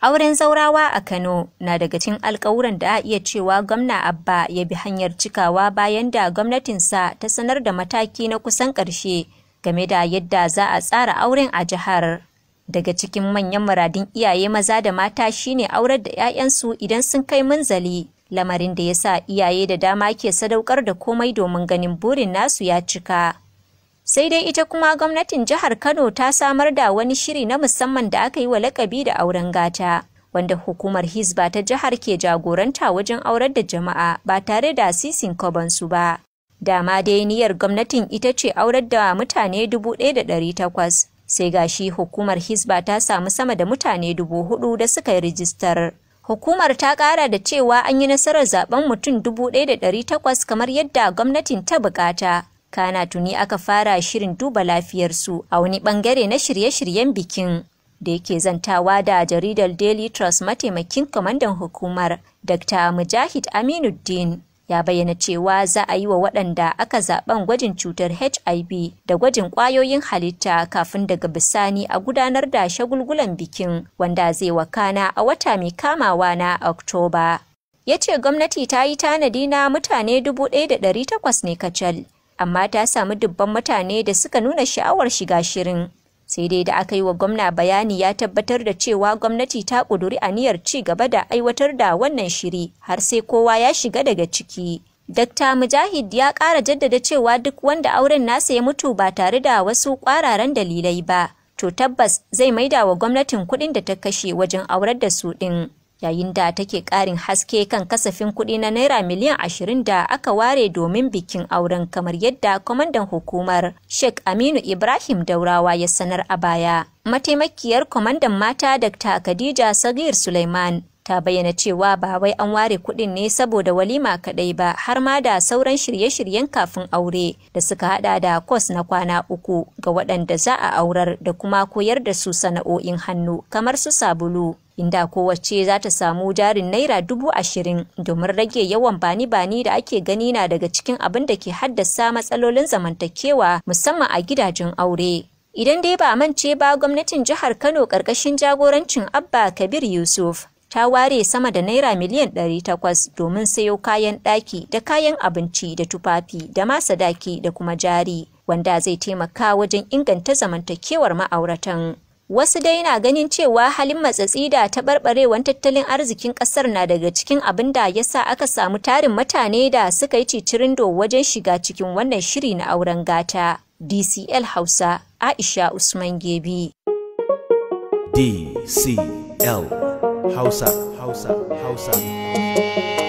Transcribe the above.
Auren zaurawa a Kano na daga cikin alkawuran da a iya cewa gwamna Abba ya bi hanyar cikawa bayan da gwamnatinsa ta sanar da mataki na kusan ƙarshe game da yadda za a tsara auren a jihar. Daga cikin manyan muradin iyaye maza da mata shine aurar da 'ya'yansu idan sun kai munzali, lamarin da ya sa iyaye da dama ke sadaukar da komai domin ganin burin nasu ya cika. sai dai ita kuma gwamnatin jihar kano ta samar da wani shiri na musamman da aka yi wa lakabi da auren gata wanda hukumar hizba ta jihar ke jagoranta wajen aurar da jama'a ba tare da sisin kobansu ba dama dai niyyar gwamnatin ita ce aurar da mutane dubu da ɗari takwas sai gashi hukumar hizba ta samu sama da mutane dubu hudu da suka yi rijistar hukumar ta kara da cewa an yi nasarar zaben mutum dubu da ɗaya ɗari takwas kamar yadda gwamnatin ta bukata kana tuni aka fara shirin duba lafiyarsu a wani bangare na shirye-shiryen bikin da yake zantawa da jaridar daily trust mataimakin kwamandan hukumar dr mujahid aminuddin ya bayyana cewa za a yi wa waɗanda aka zaben gwajin cutar hiv da gwajin ƙwayoyin halitta kafin daga bisani a gudanar da shagulgulan bikin wanda zai wakana a wata mai kamawa na oktoba ya ce gwamnati ta yi tanadi na mutane 1,800 ne kacal amma ta samu dubban mutane da suka nuna sha'awar shiga shirin. Sai dai da aka yi wa gwamna bayani ya tabbatar da cewa gwamnati ta ƙuduri aniyar ci gaba da aiwatar da wannan shiri har sai kowa ya shiga daga ciki. Dr. Mujahid ya ƙara jaddada cewa duk wanda auren nasa ya mutu ba tare da wasu ƙwararan dalilai ba, to tabbas zai maida wa gwamnatin kuɗin da ta kashe wajen aurar da su ɗin. yayin da take ƙarin haske kan kasafin kuɗi na naira miliyan ashirin da aka ware domin bikin auren kamar yadda kwamandan hukumar sheikh aminu ibrahim daurawa ya sanar a baya mataimakiyar kwamandan mata dr khadija sagir suleiman ta bayyana cewa ba wai an ware kuɗin ne saboda walima kaɗai ba har ma da sauran shirye-shiryen kafin aure da suka hada da kwas na kwana uku ga waɗanda za a aurar da kuma koyar da su sana'o'in hannu kamar su sabulu inda kowace za ta samu jarin naira dubu ashirin domin rage yawan bani-bani da ake gani na daga cikin abin da ke haddasa matsalolin zamantakewa musamman a gidajen aure. Idan dai ba mance ba gwamnatin jihar Kano ƙarƙashin jagorancin Abba Kabir Yusuf ta ware sama da naira miliyan 800 domin sayo kayan ɗaki da kayan abinci da tufafi da ma sadaki da kuma jari wanda zai taimaka wajen inganta zamantakewar ma'auratan. Wasu dai na ganin cewa halin matsatsi da taɓarɓarewar tattalin arzikin ƙasar na daga cikin abin da ya sa aka samu tarin mutane da suka yi cicirindo wajen shiga cikin wannan shiri na auren gata. DCL Hausa, Aisha Usman Gebi. DCL 好杀！好杀！好杀！